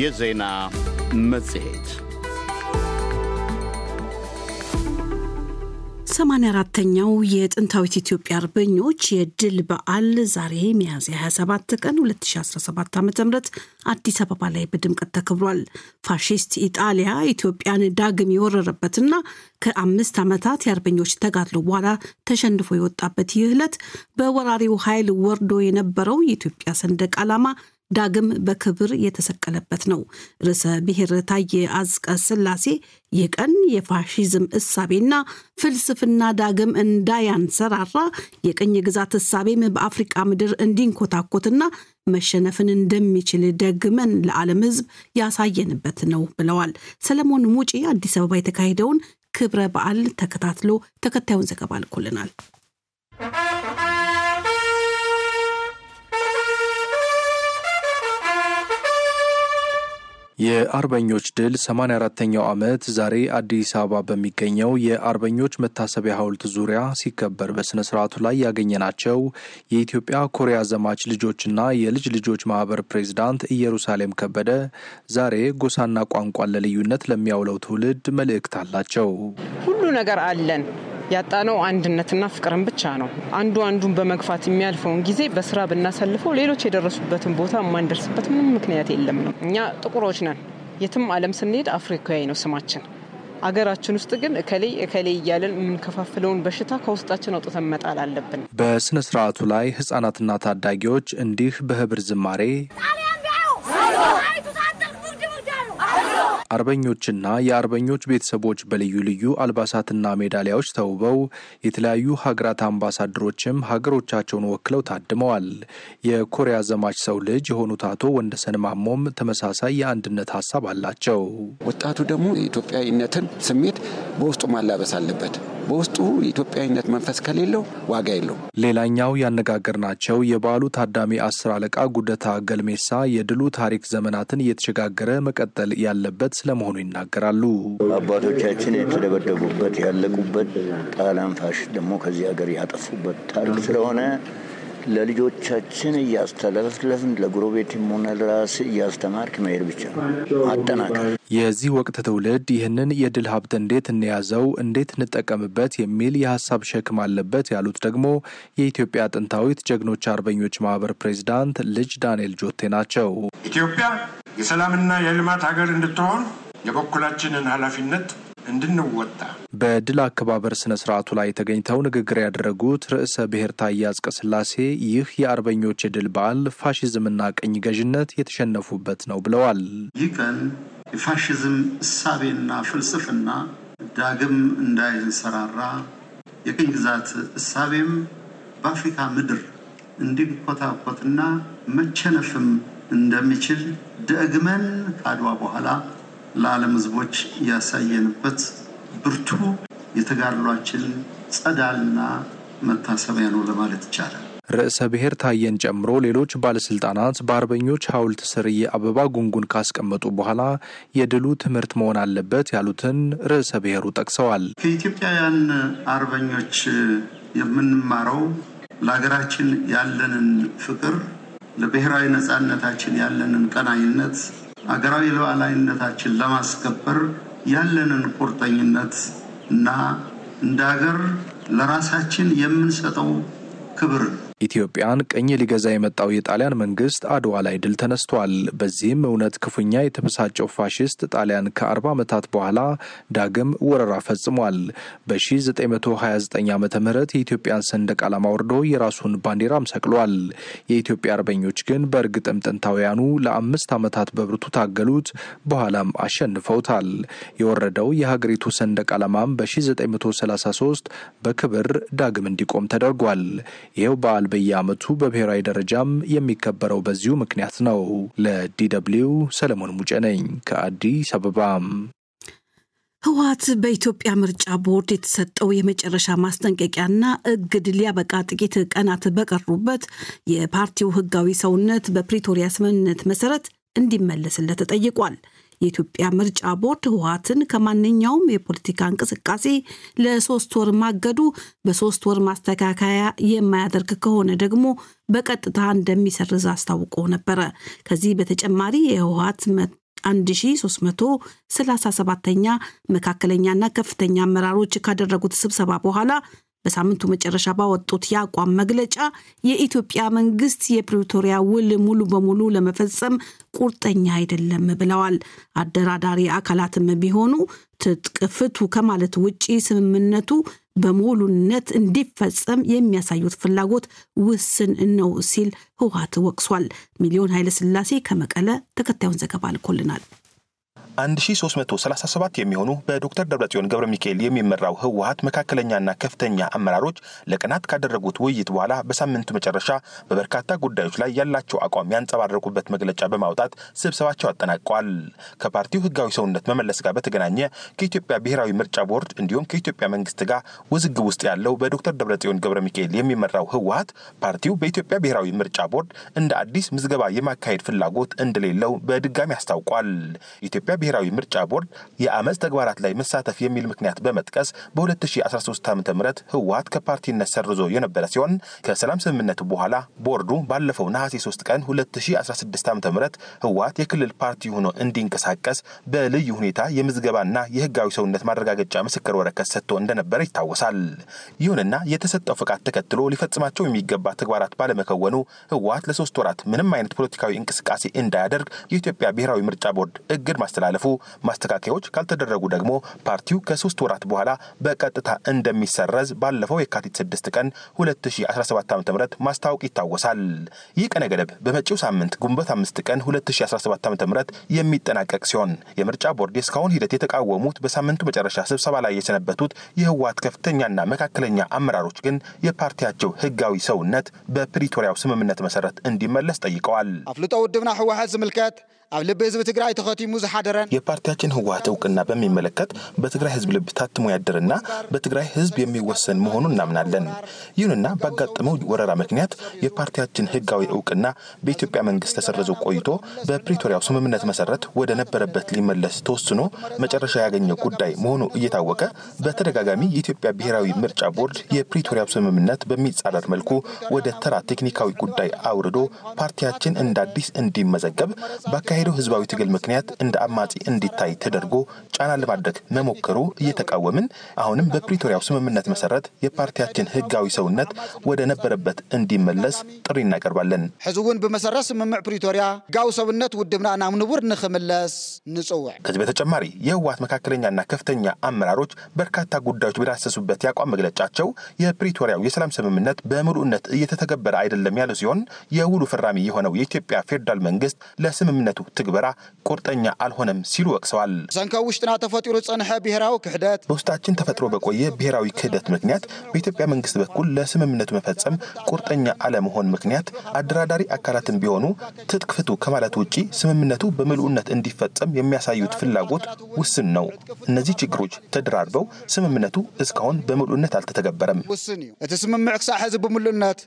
የዜና መጽሔት 84ተኛው የጥንታዊት ኢትዮጵያ አርበኞች የድል በዓል ዛሬ ሚያዝያ 27 ቀን 2017 ዓ ም አዲስ አበባ ላይ በድምቀት ተከብሯል። ፋሺስት ኢጣሊያ ኢትዮጵያን ዳግም የወረረበትና ከአምስት ዓመታት የአርበኞች ተጋድሎ በኋላ ተሸንፎ የወጣበት ይህ ዕለት በወራሪው ኃይል ወርዶ የነበረው የኢትዮጵያ ሰንደቅ ዓላማ ዳግም በክብር የተሰቀለበት ነው። ርዕሰ ብሔር ታዬ አጽቀ ሥላሴ ይህ ቀን የፋሺዝም እሳቤና ፍልስፍና ዳግም እንዳያንሰራራ የቅኝ ግዛት እሳቤም በአፍሪቃ ምድር እንዲንኮታኮትና መሸነፍን እንደሚችል ደግመን ለዓለም ሕዝብ ያሳየንበት ነው ብለዋል። ሰለሞን ሙጪ አዲስ አበባ የተካሄደውን ክብረ በዓል ተከታትሎ ተከታዩን ዘገባ ልኮልናል። የአርበኞች ድል 84ኛው ዓመት ዛሬ አዲስ አበባ በሚገኘው የአርበኞች መታሰቢያ ሐውልት ዙሪያ ሲከበር በሥነ ሥርዓቱ ላይ ያገኘናቸው የኢትዮጵያ ኮሪያ ዘማች ልጆችና የልጅ ልጆች ማህበር ፕሬዝዳንት ኢየሩሳሌም ከበደ ዛሬ ጎሳና ቋንቋን ለልዩነት ለሚያውለው ትውልድ መልእክት አላቸው። ሁሉ ነገር አለን ያጣነው አንድነትና ፍቅርን ብቻ ነው። አንዱ አንዱን በመግፋት የሚያልፈውን ጊዜ በስራ ብናሳልፈው ሌሎች የደረሱበትን ቦታ የማንደርስበት ምንም ምክንያት የለም ነው። እኛ ጥቁሮች ነን። የትም ዓለም ስንሄድ አፍሪካዊ ነው ስማችን። አገራችን ውስጥ ግን እከሌ እከሌ እያለን የምንከፋፍለውን በሽታ ከውስጣችን አውጥተን መጣል አለብን። በስነ ስርዓቱ ላይ ህጻናትና ታዳጊዎች እንዲህ በህብር ዝማሬ አርበኞችና የአርበኞች ቤተሰቦች በልዩ ልዩ አልባሳትና ሜዳሊያዎች ተውበው የተለያዩ ሀገራት አምባሳደሮችም ሀገሮቻቸውን ወክለው ታድመዋል። የኮሪያ ዘማች ሰው ልጅ የሆኑት አቶ ወንደሰን ማሞም ተመሳሳይ የአንድነት ሀሳብ አላቸው። ወጣቱ ደግሞ የኢትዮጵያዊነትን ስሜት በውስጡ ማላበስ አለበት። በውስጡ የኢትዮጵያዊነት መንፈስ ከሌለው ዋጋ የለው። ሌላኛው ያነጋገር ናቸው። የበዓሉ ታዳሚ አስር አለቃ ጉደታ ገልሜሳ የድሉ ታሪክ ዘመናትን እየተሸጋገረ መቀጠል ያለበት ስለመሆኑ ይናገራሉ። አባቶቻችን የተደበደቡበት ያለቁበት፣ ጣሊያን ፋሽስት ደግሞ ከዚህ ሀገር ያጠፉበት ታሪክ ስለሆነ ለልጆቻችን እያስተላለፍን ለጎረቤትም ሆነ ለራስ እያስተማርክ መሄድ ብቻ አጠናከር። የዚህ ወቅት ትውልድ ይህንን የድል ሀብት እንዴት እንያዘው፣ እንዴት እንጠቀምበት የሚል የሀሳብ ሸክም አለበት ያሉት ደግሞ የኢትዮጵያ ጥንታዊት ጀግኖች አርበኞች ማህበር ፕሬዚዳንት ልጅ ዳንኤል ጆቴ ናቸው። ኢትዮጵያ የሰላምና የልማት ሀገር እንድትሆን የበኩላችንን ኃላፊነት እንድንወጣ በድል አከባበር ስነ ስርዓቱ ላይ ተገኝተው ንግግር ያደረጉት ርዕሰ ብሔር ታዬ ስላሴ ይህ የአርበኞች የድል በዓል ፋሽዝምና ቅኝ ገዥነት የተሸነፉበት ነው ብለዋል። ይህ ቀን የፋሽዝም እሳቤና ፍልስፍና ዳግም እንዳይንሰራራ የቅኝ ግዛት እሳቤም በአፍሪካ ምድር እንዲንኮታኮትና መቸነፍም እንደሚችል ደግመን ከአድዋ በኋላ ለዓለም ሕዝቦች ያሳየንበት ብርቱ የተጋድሏችን ጸዳልና መታሰቢያ ነው ለማለት ይቻላል። ርዕሰ ብሔር ታየን ጨምሮ ሌሎች ባለስልጣናት በአርበኞች ሐውልት ስር የአበባ ጉንጉን ካስቀመጡ በኋላ የድሉ ትምህርት መሆን አለበት ያሉትን ርዕሰ ብሔሩ ጠቅሰዋል። ከኢትዮጵያውያን አርበኞች የምንማረው ለሀገራችን ያለንን ፍቅር ለብሔራዊ ነፃነታችን ያለንን ቀናይነት፣ አገራዊ ሉዓላዊነታችን ለማስከበር ያለንን ቁርጠኝነት እና እንደ ሀገር ለራሳችን የምንሰጠው ክብር ኢትዮጵያን ቅኝ ሊገዛ የመጣው የጣሊያን መንግስት አድዋ ላይ ድል ተነስቷል። በዚህም እውነት ክፉኛ የተበሳጨው ፋሽስት ጣሊያን ከ40 ዓመታት በኋላ ዳግም ወረራ ፈጽሟል። በ1929 ዓ ም የኢትዮጵያን ሰንደቅ ዓላማ ወርዶ የራሱን ባንዲራም ሰቅሏል። የኢትዮጵያ አርበኞች ግን በእርግጥም ጥንታውያኑ ለአምስት ዓመታት በብርቱ ታገሉት፣ በኋላም አሸንፈውታል። የወረደው የሀገሪቱ ሰንደቅ ዓላማም በ1933 በክብር ዳግም እንዲቆም ተደርጓል። ይኸው በዓል በየዓመቱ በብሔራዊ ደረጃም የሚከበረው በዚሁ ምክንያት ነው። ለዲደብሊው ሰለሞን ሙጨ ነኝ ከአዲስ አበባ። ህወሓት በኢትዮጵያ ምርጫ ቦርድ የተሰጠው የመጨረሻ ማስጠንቀቂያና እግድ ሊያበቃ ጥቂት ቀናት በቀሩበት የፓርቲው ህጋዊ ሰውነት በፕሪቶሪያ ስምምነት መሰረት እንዲመለስለት ተጠይቋል። የኢትዮጵያ ምርጫ ቦርድ ህወሀትን ከማንኛውም የፖለቲካ እንቅስቃሴ ለሶስት ወር ማገዱ፣ በሶስት ወር ማስተካከያ የማያደርግ ከሆነ ደግሞ በቀጥታ እንደሚሰርዝ አስታውቆ ነበረ። ከዚህ በተጨማሪ የህወሀት 1337ኛ መካከለኛና ከፍተኛ አመራሮች ካደረጉት ስብሰባ በኋላ በሳምንቱ መጨረሻ ባወጡት የአቋም መግለጫ የኢትዮጵያ መንግስት የፕሪቶሪያ ውል ሙሉ በሙሉ ለመፈጸም ቁርጠኛ አይደለም ብለዋል። አደራዳሪ አካላትም ቢሆኑ ትጥቅ ፍቱ ከማለት ውጪ ስምምነቱ በሙሉነት እንዲፈጸም የሚያሳዩት ፍላጎት ውስን ነው ሲል ህወሓት ወቅሷል። ሚሊዮን ኃይለስላሴ ከመቀለ ተከታዩን ዘገባ ልኮልናል። 1337 የሚሆኑ በዶክተር ደብረጽዮን ገብረ ሚካኤል የሚመራው ህወሀት መካከለኛና ከፍተኛ አመራሮች ለቀናት ካደረጉት ውይይት በኋላ በሳምንቱ መጨረሻ በበርካታ ጉዳዮች ላይ ያላቸው አቋም ያንጸባረቁበት መግለጫ በማውጣት ስብሰባቸው አጠናቀዋል። ከፓርቲው ህጋዊ ሰውነት መመለስ ጋር በተገናኘ ከኢትዮጵያ ብሔራዊ ምርጫ ቦርድ እንዲሁም ከኢትዮጵያ መንግስት ጋር ውዝግብ ውስጥ ያለው በዶክተር ደብረጽዮን ገብረ ሚካኤል የሚመራው ህወሀት ፓርቲው በኢትዮጵያ ብሔራዊ ምርጫ ቦርድ እንደ አዲስ ምዝገባ የማካሄድ ፍላጎት እንደሌለው በድጋሚ አስታውቋል። ብሔራዊ ምርጫ ቦርድ የአመፅ ተግባራት ላይ መሳተፍ የሚል ምክንያት በመጥቀስ በ2013 ዓ ም ህወሀት ከፓርቲነት ሰርዞ የነበረ ሲሆን ከሰላም ስምምነቱ በኋላ ቦርዱ ባለፈው ነሐሴ 3 ቀን 2016 ዓ ም ህወሀት የክልል ፓርቲ ሆኖ እንዲንቀሳቀስ በልዩ ሁኔታ የምዝገባና የህጋዊ ሰውነት ማረጋገጫ ምስክር ወረቀት ሰጥቶ እንደነበረ ይታወሳል። ይሁንና የተሰጠው ፈቃድ ተከትሎ ሊፈጽማቸው የሚገባ ተግባራት ባለመከወኑ ህወሀት ለሶስት ወራት ምንም አይነት ፖለቲካዊ እንቅስቃሴ እንዳያደርግ የኢትዮጵያ ብሔራዊ ምርጫ ቦርድ እግድ ማስተላለፍ ካላለፉ ማስተካከያዎች ካልተደረጉ ደግሞ ፓርቲው ከሶስት ወራት በኋላ በቀጥታ እንደሚሰረዝ ባለፈው የካቲት 6 ቀን 2017 ዓ ም ማስታወቅ ይታወሳል። ይህ ቀነ ገደብ በመጪው ሳምንት ግንቦት 5 ቀን 2017 ዓ ም የሚጠናቀቅ ሲሆን የምርጫ ቦርድ የእስካሁን ሂደት የተቃወሙት በሳምንቱ መጨረሻ ስብሰባ ላይ የሰነበቱት የህወሓት ከፍተኛና መካከለኛ አመራሮች ግን የፓርቲያቸው ህጋዊ ሰውነት በፕሪቶሪያው ስምምነት መሰረት እንዲመለስ ጠይቀዋል። አፍልጦ ውድብና ህወሓት ዝምልከት ኣብ ልቢ ህዝቢ ትግራይ ተኸቲሙ ዝሓደረን የፓርቲያችን ህወሓት እውቅና በሚመለከት በትግራይ ህዝብ ልብ ታትሞ ያደረና በትግራይ ህዝብ የሚወሰን መሆኑን እናምናለን። ይሁንና ባጋጠመው ወረራ ምክንያት የፓርቲያችን ህጋዊ እውቅና በኢትዮጵያ መንግስት ተሰርዞ ቆይቶ በፕሪቶሪያው ስምምነት መሰረት ወደ ነበረበት ሊመለስ ተወስኖ መጨረሻ ያገኘው ጉዳይ መሆኑ እየታወቀ በተደጋጋሚ የኢትዮጵያ ብሔራዊ ምርጫ ቦርድ የፕሪቶሪያው ስምምነት በሚጻረር መልኩ ወደ ተራ ቴክኒካዊ ጉዳይ አውርዶ ፓርቲያችን እንደ አዲስ እንዲመዘገብ በአካሄድ በተካሄደው ህዝባዊ ትግል ምክንያት እንደ አማጺ እንዲታይ ተደርጎ ጫና ለማድረግ መሞከሩ እየተቃወምን አሁንም በፕሪቶሪያው ስምምነት መሰረት የፓርቲያችን ህጋዊ ሰውነት ወደ ነበረበት እንዲመለስ ጥሪ እናቀርባለን። ሕዚ እውን ብመሰረት ስምምዕ ፕሪቶሪያ ህጋዊ ሰውነት ውድብና ናብ ንቡር ንክምለስ ንጽውዕ። ከዚህ በተጨማሪ የህወሓት መካከለኛና ከፍተኛ አመራሮች በርካታ ጉዳዮች በዳሰሱበት ያቋም መግለጫቸው የፕሪቶሪያው የሰላም ስምምነት በምሉዕነት እየተተገበረ አይደለም ያለ ሲሆን የውሉ ፈራሚ የሆነው የኢትዮጵያ ፌዴራል መንግስት ለስምምነቱ ትግበራ ቁርጠኛ አልሆነም ሲሉ ወቅሰዋል። ዘንከ ውሽጥና ተፈጢሩ ጸንሐ ብሔራዊ ክህደት በውስጣችን ተፈጥሮ በቆየ ብሔራዊ ክህደት ምክንያት በኢትዮጵያ መንግስት በኩል ለስምምነቱ መፈጸም ቁርጠኛ አለመሆን ምክንያት አደራዳሪ አካላትን ቢሆኑ ትጥቅ ፍቱ ከማለት ውጪ ስምምነቱ በምልኡነት እንዲፈጸም የሚያሳዩት ፍላጎት ውስን ነው። እነዚህ ችግሮች ተደራርበው ስምምነቱ እስካሁን በምልኡነት አልተተገበረም። እቲ ስምምዕ ክሳብ ሕዚ ብምልኡነት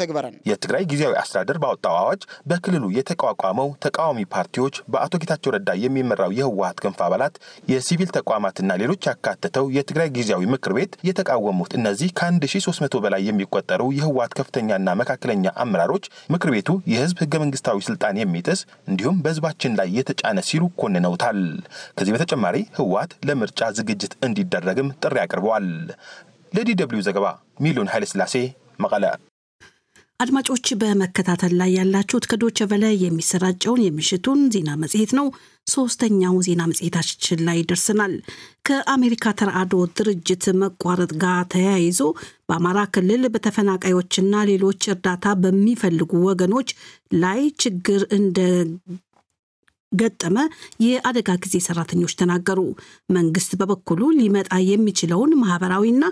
ተግበረን የትግራይ ጊዜያዊ አስተዳደር ባወጣው አዋጅ በክልሉ የተቋቋመው ተቃዋሚ ፓርቲዎች በአቶ ጌታቸው ረዳ የሚመራው የህወሀት ክንፍ አባላት፣ የሲቪል ተቋማትና ሌሎች ያካተተው የትግራይ ጊዜያዊ ምክር ቤት የተቃወሙት እነዚህ ከ1300 በላይ የሚቆጠሩ የህወሀት ከፍተኛና መካከለኛ አመራሮች ምክር ቤቱ የህዝብ ህገ መንግስታዊ ስልጣን የሚጥስ እንዲሁም በህዝባችን ላይ የተጫነ ሲሉ ኮንነውታል። ከዚህ በተጨማሪ ህወሀት ለምርጫ ዝግጅት እንዲደረግም ጥሪ አቅርበዋል። ለዲ ደብልዩ ዘገባ ሚሊዮን ኃይለስላሴ መቀለ አድማጮች በመከታተል ላይ ያላችሁት ከዶቸ በላይ የሚሰራጨውን የምሽቱን ዜና መጽሔት ነው። ሶስተኛው ዜና መጽሔታችን ላይ ደርሰናል። ከአሜሪካ ተራድኦ ድርጅት መቋረጥ ጋር ተያይዞ በአማራ ክልል በተፈናቃዮችና ሌሎች እርዳታ በሚፈልጉ ወገኖች ላይ ችግር እንደ ገጠመ የአደጋ ጊዜ ሰራተኞች ተናገሩ። መንግስት በበኩሉ ሊመጣ የሚችለውን ማህበራዊና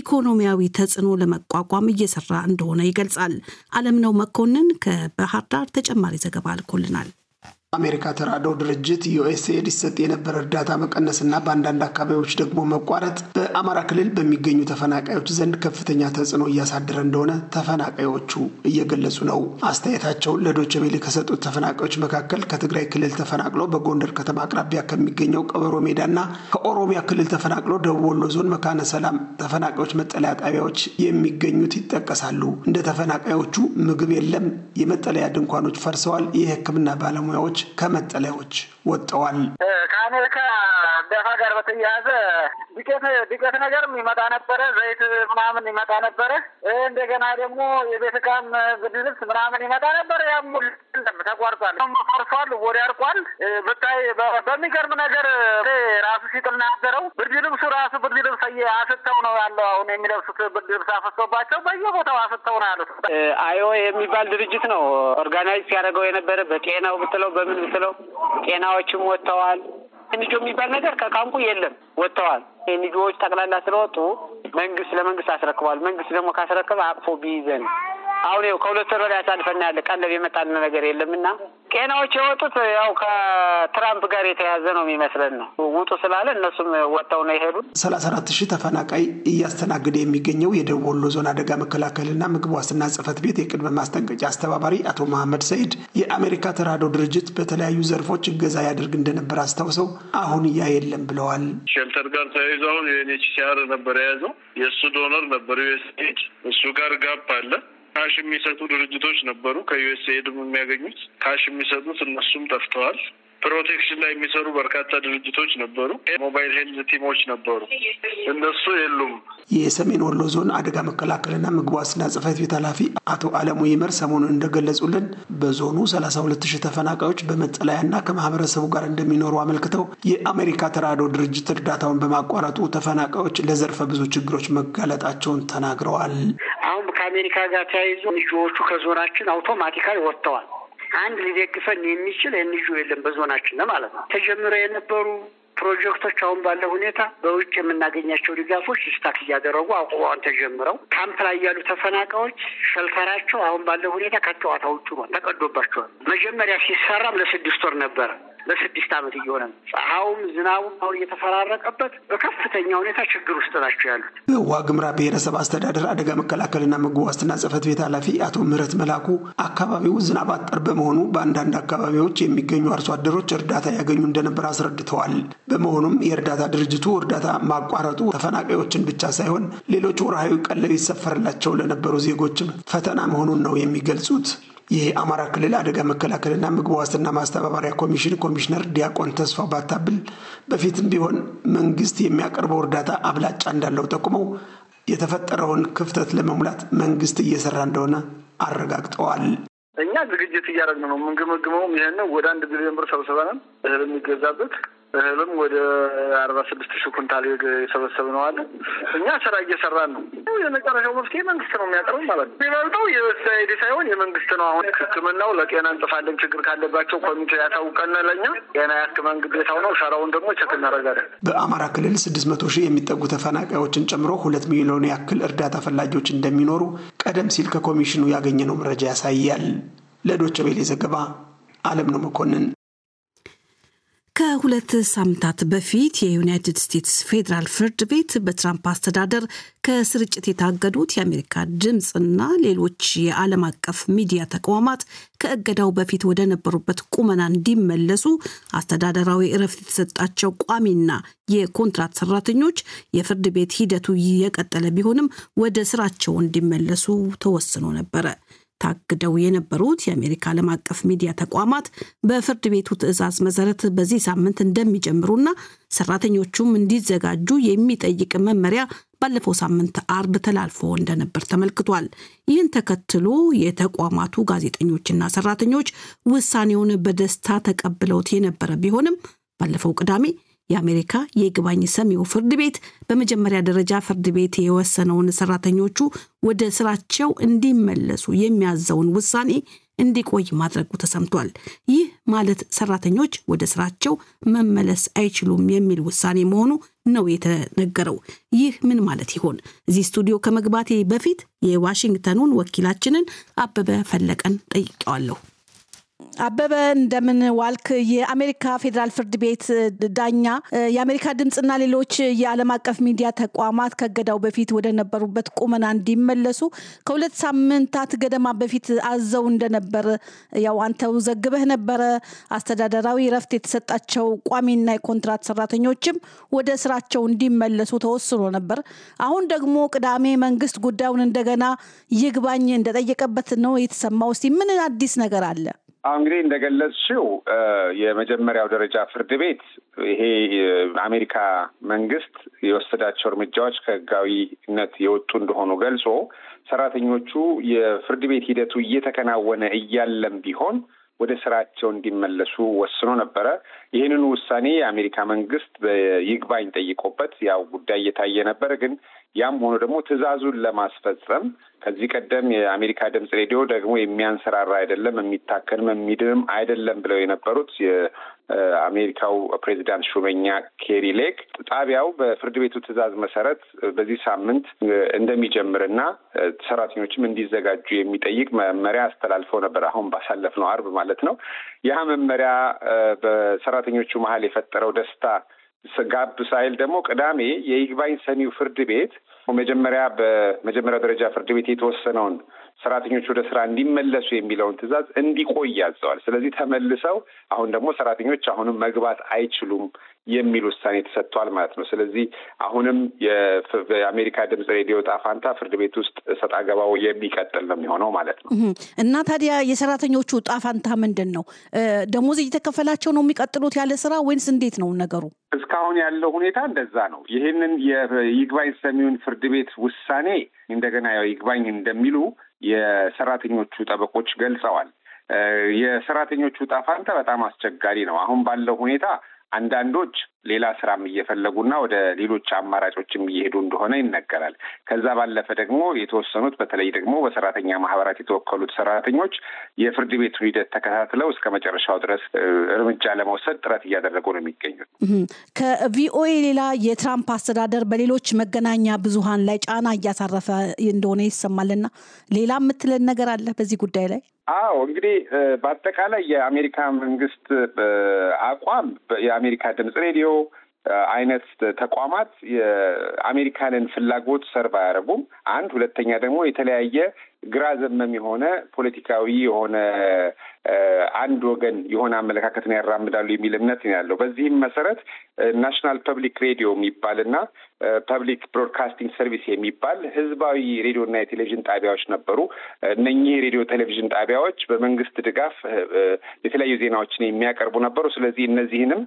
ኢኮኖሚያዊ ተጽዕኖ ለመቋቋም እየሰራ እንደሆነ ይገልጻል። አለምነው መኮንን ከባህር ዳር ተጨማሪ ዘገባ አልኮልናል። አሜሪካ ተራድኦ ድርጅት ዩኤስኤድ ይሰጥ የነበረ እርዳታ መቀነስና በአንዳንድ አካባቢዎች ደግሞ መቋረጥ በአማራ ክልል በሚገኙ ተፈናቃዮች ዘንድ ከፍተኛ ተጽዕኖ እያሳደረ እንደሆነ ተፈናቃዮቹ እየገለጹ ነው። አስተያየታቸውን ለዶቼ ቬለ ከሰጡት ተፈናቃዮች መካከል ከትግራይ ክልል ተፈናቅሎ በጎንደር ከተማ አቅራቢያ ከሚገኘው ቀበሮ ሜዳና ከኦሮሚያ ክልል ተፈናቅሎ ደቡብ ወሎ ዞን መካነ ሰላም ተፈናቃዮች መጠለያ ጣቢያዎች የሚገኙት ይጠቀሳሉ። እንደ ተፈናቃዮቹ ምግብ የለም፣ የመጠለያ ድንኳኖች ፈርሰዋል፣ የሕክምና ባለሙያዎች ሰዎች ከመጠለያዎች ወጥተዋል። ከአሜሪካ ከአዳማ ጋር በተያያዘ ዱቄት ዱቄት ነገር ይመጣ ነበረ፣ ዘይት ምናምን ይመጣ ነበረ። እንደገና ደግሞ የቤት እቃም ብርድ ልብስ ምናምን ይመጣ ነበረ። ያም ሁሉም ተቋርጧል፣ ፈርሷል፣ ወዲ አርቋል። ብታይ በሚገርም ነገር ራሱ ሲጥል ያደረው ብርድ ልብሱ ራሱ ብርድ ልብስ አስተው ነው ያለው። አሁን የሚለብሱት ብርድ ልብስ አፈሰባቸው በየቦታው አስተው ነው ያሉት። አዮ የሚባል ድርጅት ነው ኦርጋናይዝ ሲያደርገው የነበረ በጤናው ብትለው በምን ብትለው ጤናዎችም ወጥተዋል። ኤንጂኦ የሚባል ነገር ከካምፑ የለም፣ ወጥተዋል። ኤንጂኦዎች ጠቅላላ ስለወጡ መንግስት ለመንግስት አስረክቧል። መንግስት ደግሞ ካስረክብ አቅፎ ቢይዘን አሁን ይኸው ከሁለት ወር በላይ አሳልፈና ያለ ቀለብ የመጣልን ነገር የለምና ቄናዎች የወጡት ያው ከትራምፕ ጋር የተያዘ ነው የሚመስለን ነው። ውጡ ስላለ እነሱም ወጥተው ነው የሄዱት። ሰላሳ አራት ሺህ ተፈናቃይ እያስተናገደ የሚገኘው የደቡብ ወሎ ዞን አደጋ መከላከልና ምግብ ዋስትና ጽህፈት ቤት የቅድመ ማስጠንቀቂያ አስተባባሪ አቶ መሐመድ ሰይድ የአሜሪካ ተራድኦ ድርጅት በተለያዩ ዘርፎች እገዛ ያደርግ እንደነበር አስታውሰው አሁን እያ የለም ብለዋል። ሸልተር ጋር ተያይዞ አሁን ዩኤንኤችሲአር ነበር የያዘው የእሱ ዶነር ነበር ዩኤስኤድ እሱ ጋር ጋፕ አለ ካሽ የሚሰጡ ድርጅቶች ነበሩ። ከዩኤስኤድም የሚያገኙት ካሽ የሚሰጡት እነሱም ጠፍተዋል። ፕሮቴክሽን ላይ የሚሰሩ በርካታ ድርጅቶች ነበሩ። ሞባይል ሄልዝ ቲሞች ነበሩ፣ እነሱ የሉም። የሰሜን ወሎ ዞን አደጋ መከላከልና ምግብ ዋስትና ጽሕፈት ቤት ኃላፊ አቶ አለሙ ይመር ሰሞኑን እንደገለጹልን በዞኑ 32 ተፈናቃዮች በመጠለያና ከማህበረሰቡ ጋር እንደሚኖሩ አመልክተው የአሜሪካ ተራድኦ ድርጅት እርዳታውን በማቋረጡ ተፈናቃዮች ለዘርፈ ብዙ ችግሮች መጋለጣቸውን ተናግረዋል። ከአሜሪካ ጋር ተያይዞ ኤንጂኦዎቹ ከዞናችን አውቶማቲካል ወጥተዋል። አንድ ሊደግፈን የሚችል ኤንጂኦ የለም በዞናችን ማለት ነው። ተጀምረው የነበሩ ፕሮጀክቶች አሁን ባለው ሁኔታ በውጭ የምናገኛቸው ድጋፎች ስታክ እያደረጉ አቁመዋን ተጀምረው ካምፕ ላይ ያሉ ተፈናቃዮች ሸልተራቸው አሁን ባለው ሁኔታ ከጨዋታ ውጭ ተቀዶባቸዋል። መጀመሪያ ሲሰራም ለስድስት ወር ነበረ። ለስድስት ዓመት እየሆነ ነው። ዝናቡም አሁን እየተፈራረቀበት በከፍተኛ ሁኔታ ችግር ውስጥ ናቸው ያሉት። ዋግምራ ብሔረሰብ አስተዳደር አደጋ መከላከልና ምግብ ዋስትና ጽህፈት ቤት ኃላፊ አቶ ምህረት መላኩ አካባቢው ዝናብ አጠር በመሆኑ በአንዳንድ አካባቢዎች የሚገኙ አርሶ አደሮች እርዳታ ያገኙ እንደነበር አስረድተዋል። በመሆኑም የእርዳታ ድርጅቱ እርዳታ ማቋረጡ ተፈናቃዮችን ብቻ ሳይሆን ሌሎች ወርሃዊ ቀለብ ይሰፈርላቸው ለነበሩ ዜጎችም ፈተና መሆኑን ነው የሚገልጹት። የአማራ ክልል አደጋ መከላከልና ምግብ ዋስትና ማስተባበሪያ ኮሚሽን ኮሚሽነር ዲያቆን ተስፋ ባታብል በፊትም ቢሆን መንግስት የሚያቀርበው እርዳታ አብላጫ እንዳለው ጠቁመው የተፈጠረውን ክፍተት ለመሙላት መንግስት እየሰራ እንደሆነ አረጋግጠዋል። እኛ ዝግጅት እያደረግን ነው። የምንገመግመውም ይህን ወደ አንድ ቢሊዮን ብር ሰብስበናል እህል የሚገዛበት እህልም ወደ አርባ ስድስት ሺህ ኩንታል ነው አለ። እኛ ስራ እየሰራን ነው። የመጨረሻው መፍትሄ መንግስት ነው የሚያቀርብ ማለት ነው። የሚበልጠው የዩኤስአይዲ ሳይሆን የመንግስት ነው። አሁን ሕክምናው ለጤና እንጽፋለን። ችግር ካለባቸው ኮሚቴ ያሳውቀን። ለእኛ ጤና ያክመን ግዴታው ነው። ሸራውን ደግሞ ቸክ እናደርጋለን። በአማራ ክልል ስድስት መቶ ሺህ የሚጠጉ ተፈናቃዮችን ጨምሮ ሁለት ሚሊዮን ያክል እርዳታ ፈላጊዎች እንደሚኖሩ ቀደም ሲል ከኮሚሽኑ ያገኘነው መረጃ ያሳያል። ለዶቸ ቤሌ ዘገባ አለም ነው መኮንን ከሁለት ሳምንታት በፊት የዩናይትድ ስቴትስ ፌዴራል ፍርድ ቤት በትራምፕ አስተዳደር ከስርጭት የታገዱት የአሜሪካ ድምፅና ሌሎች የዓለም አቀፍ ሚዲያ ተቋማት ከእገዳው በፊት ወደ ነበሩበት ቁመና እንዲመለሱ አስተዳደራዊ እረፍት የተሰጣቸው ቋሚና የኮንትራት ሰራተኞች የፍርድ ቤት ሂደቱ የቀጠለ ቢሆንም ወደ ስራቸው እንዲመለሱ ተወስኖ ነበረ። ታግደው የነበሩት የአሜሪካ ዓለም አቀፍ ሚዲያ ተቋማት በፍርድ ቤቱ ትእዛዝ መሰረት በዚህ ሳምንት እንደሚጀምሩና ሰራተኞቹም እንዲዘጋጁ የሚጠይቅ መመሪያ ባለፈው ሳምንት አርብ ተላልፎ እንደነበር ተመልክቷል። ይህን ተከትሎ የተቋማቱ ጋዜጠኞችና ሰራተኞች ውሳኔውን በደስታ ተቀብለውት የነበረ ቢሆንም ባለፈው ቅዳሜ የአሜሪካ የይግባኝ ሰሚው ፍርድ ቤት በመጀመሪያ ደረጃ ፍርድ ቤት የወሰነውን ሰራተኞቹ ወደ ስራቸው እንዲመለሱ የሚያዘውን ውሳኔ እንዲቆይ ማድረጉ ተሰምቷል። ይህ ማለት ሰራተኞች ወደ ስራቸው መመለስ አይችሉም የሚል ውሳኔ መሆኑ ነው የተነገረው። ይህ ምን ማለት ይሆን? እዚህ ስቱዲዮ ከመግባቴ በፊት የዋሽንግተኑን ወኪላችንን አበበ ፈለቀን ጠይቄዋለሁ። አበበ እንደምን ዋልክ። የአሜሪካ ፌዴራል ፍርድ ቤት ዳኛ የአሜሪካ ድምፅና ሌሎች የዓለም አቀፍ ሚዲያ ተቋማት ከገዳው በፊት ወደ ነበሩበት ቁመና እንዲመለሱ ከሁለት ሳምንታት ገደማ በፊት አዘው እንደነበር ያው አንተው ዘግበህ ነበረ። አስተዳደራዊ እረፍት የተሰጣቸው ቋሚና የኮንትራት ሰራተኞችም ወደ ስራቸው እንዲመለሱ ተወስኖ ነበር። አሁን ደግሞ ቅዳሜ መንግስት ጉዳዩን እንደገና ይግባኝ እንደጠየቀበት ነው የተሰማው። እስቲ ምን አዲስ ነገር አለ? እንግዲህ እንደገለጽሽው የመጀመሪያው ደረጃ ፍርድ ቤት ይሄ አሜሪካ መንግስት የወሰዳቸው እርምጃዎች ከህጋዊነት የወጡ እንደሆኑ ገልጾ ሰራተኞቹ የፍርድ ቤት ሂደቱ እየተከናወነ እያለም ቢሆን ወደ ስራቸው እንዲመለሱ ወስኖ ነበረ። ይህንን ውሳኔ የአሜሪካ መንግስት ይግባኝ ጠይቆበት ያው ጉዳይ እየታየ ነበር። ግን ያም ሆኖ ደግሞ ትዕዛዙን ለማስፈጸም ከዚህ ቀደም የአሜሪካ ድምፅ ሬዲዮ ደግሞ የሚያንሰራራ አይደለም፣ የሚታከንም የሚድንም አይደለም ብለው የነበሩት አሜሪካው ፕሬዚዳንት ሹመኛ ኬሪ ሌክ ጣቢያው በፍርድ ቤቱ ትዕዛዝ መሰረት በዚህ ሳምንት እንደሚጀምርና ሰራተኞችም እንዲዘጋጁ የሚጠይቅ መመሪያ አስተላልፈው ነበር። አሁን ባሳለፍነው አርብ ማለት ነው። ያ መመሪያ በሰራተኞቹ መሀል የፈጠረው ደስታ ጋብ ሳይል ደግሞ ቅዳሜ የይግባኝ ሰሚው ፍርድ ቤት መጀመሪያ በመጀመሪያ ደረጃ ፍርድ ቤት የተወሰነውን ሰራተኞች ወደ ስራ እንዲመለሱ የሚለውን ትዕዛዝ እንዲቆይ ያዘዋል። ስለዚህ ተመልሰው አሁን ደግሞ ሰራተኞች አሁንም መግባት አይችሉም የሚል ውሳኔ ተሰጥቷል ማለት ነው። ስለዚህ አሁንም የአሜሪካ ድምጽ ሬዲዮ ጣፋንታ ፍርድ ቤት ውስጥ ሰጣ ገባው የሚቀጥል ነው የሚሆነው ማለት ነው። እና ታዲያ የሰራተኞቹ ጣፋንታ ምንድን ነው? ደሞዝ እየተከፈላቸው ነው የሚቀጥሉት ያለ ስራ ወይንስ እንዴት ነው ነገሩ? እስካሁን ያለው ሁኔታ እንደዛ ነው። ይህንን ይግባኝ ሰሚውን ፍርድ ፍርድ ቤት ውሳኔ እንደገና ያው ይግባኝ እንደሚሉ የሰራተኞቹ ጠበቆች ገልጸዋል። የሰራተኞቹ ጣፋንተ በጣም አስቸጋሪ ነው። አሁን ባለው ሁኔታ አንዳንዶች ሌላ ስራም እየፈለጉና ወደ ሌሎች አማራጮችም እየሄዱ እንደሆነ ይነገራል። ከዛ ባለፈ ደግሞ የተወሰኑት በተለይ ደግሞ በሰራተኛ ማህበራት የተወከሉት ሰራተኞች የፍርድ ቤቱን ሂደት ተከታትለው እስከ መጨረሻው ድረስ እርምጃ ለመውሰድ ጥረት እያደረጉ ነው የሚገኙት። ከቪኦኤ ሌላ የትራምፕ አስተዳደር በሌሎች መገናኛ ብዙሀን ላይ ጫና እያሳረፈ እንደሆነ ይሰማልና ሌላ የምትለን ነገር አለ በዚህ ጉዳይ ላይ? አዎ እንግዲህ በአጠቃላይ የአሜሪካ መንግስት አቋም የአሜሪካ ድምጽ ሬዲዮ ሬዲዮ አይነት ተቋማት የአሜሪካንን ፍላጎት ሰርቭ አያደርጉም። አንድ ሁለተኛ ደግሞ የተለያየ ግራ ዘመም የሆነ ፖለቲካዊ የሆነ አንድ ወገን የሆነ አመለካከትን ያራምዳሉ የሚል እምነት ነው ያለው። በዚህም መሰረት ናሽናል ፐብሊክ ሬዲዮ የሚባልና ፐብሊክ ብሮድካስቲንግ ሰርቪስ የሚባል ህዝባዊ ሬዲዮና የቴሌቪዥን ጣቢያዎች ነበሩ። እነኚህ ሬዲዮ ቴሌቪዥን ጣቢያዎች በመንግስት ድጋፍ የተለያዩ ዜናዎችን የሚያቀርቡ ነበሩ። ስለዚህ እነዚህንም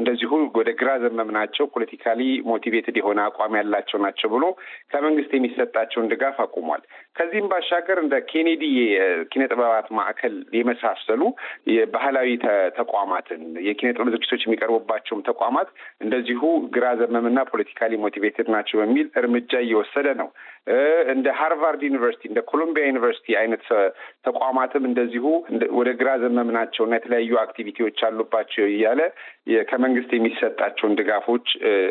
እንደዚሁ ወደ ግራ ዘመም ናቸው፣ ፖለቲካሊ ሞቲቬትድ የሆነ አቋም ያላቸው ናቸው ብሎ ከመንግስት የሚሰጣቸውን ድጋፍ አቁሟል። ከዚህም ባሻገር እንደ ኬኔዲ የኪነ ጥበባት ማዕከል የመሳሰሉ የባህላዊ ተቋማትን የኪነ ጥበብ ዝግጅቶች የሚቀርቡባቸውም ተቋማት እንደዚሁ ግራ ዘመምና ፖለቲካሊ ሞቲቬትድ ናቸው በሚል እርምጃ እየወሰደ ነው። እንደ ሃርቫርድ ዩኒቨርሲቲ እንደ ኮሎምቢያ ዩኒቨርሲቲ አይነት ተቋማትም እንደዚሁ ወደ ግራ ዘመም ናቸውና የተለያዩ አክቲቪቲዎች አሉባቸው እያለ ከመንግስት የሚሰጣቸውን ድጋፎች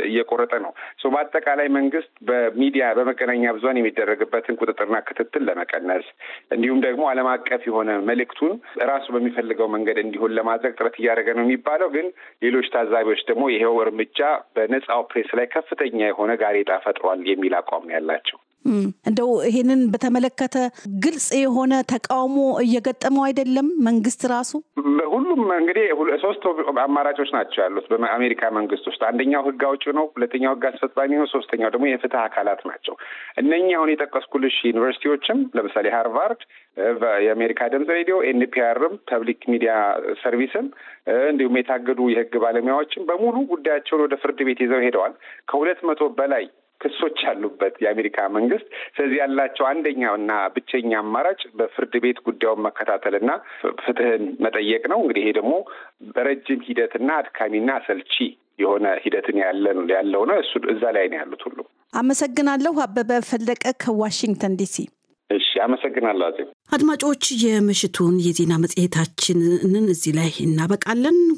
እየቆረጠ ነው። በአጠቃላይ መንግስት በሚዲያ በመገናኛ ብዙን የሚደረግበትን ቁጥጥርና ክትትል ለመቀነስ እንዲሁም ደግሞ ዓለም አቀፍ የሆነ መልእክቱን ራሱ በሚፈልገው መንገድ እንዲሆን ለማድረግ ጥረት እያደረገ ነው የሚባለው ግን ሌሎች ታዛቢዎች ደግሞ ይሄው እርምጃ በነጻው ፕሬስ ላይ ከፍተኛ የሆነ ጋሬጣ ፈጥሯል የሚል አቋም ያላቸው እንደው ይሄንን በተመለከተ ግልጽ የሆነ ተቃውሞ እየገጠመው አይደለም መንግስት ራሱ። በሁሉም እንግዲህ ሶስት አማራጮች ናቸው ያሉት በአሜሪካ መንግስት ውስጥ። አንደኛው ህግ አውጭ ነው፣ ሁለተኛው ህግ አስፈጻሚ ነው፣ ሶስተኛው ደግሞ የፍትህ አካላት ናቸው። እነኛ አሁን የጠቀስኩልሽ ዩኒቨርሲቲዎችም ለምሳሌ ሃርቫርድ፣ የአሜሪካ ድምፅ ሬዲዮ፣ ኤንፒአርም፣ ፐብሊክ ሚዲያ ሰርቪስም እንዲሁም የታገዱ የህግ ባለሙያዎችም በሙሉ ጉዳያቸውን ወደ ፍርድ ቤት ይዘው ሄደዋል። ከሁለት መቶ በላይ ክሶች አሉበት የአሜሪካ መንግስት። ስለዚህ ያላቸው እና ብቸኛ አማራጭ በፍርድ ቤት ጉዳዩን መከታተልና ፍትህን መጠየቅ ነው። እንግዲህ ይሄ ደግሞ በረጅም ሂደትና አድካሚና አሰልቺ የሆነ ሂደትን ያለው ነው። እሱ እዛ ላይ ነው ያሉት ሁሉ። አመሰግናለሁ። አበበ ፈለቀ ከዋሽንግተን ዲሲ። እሺ፣ አመሰግናለሁ አዜብ። አድማጮች፣ የምሽቱን የዜና መጽሔታችንን እዚህ ላይ እናበቃለን።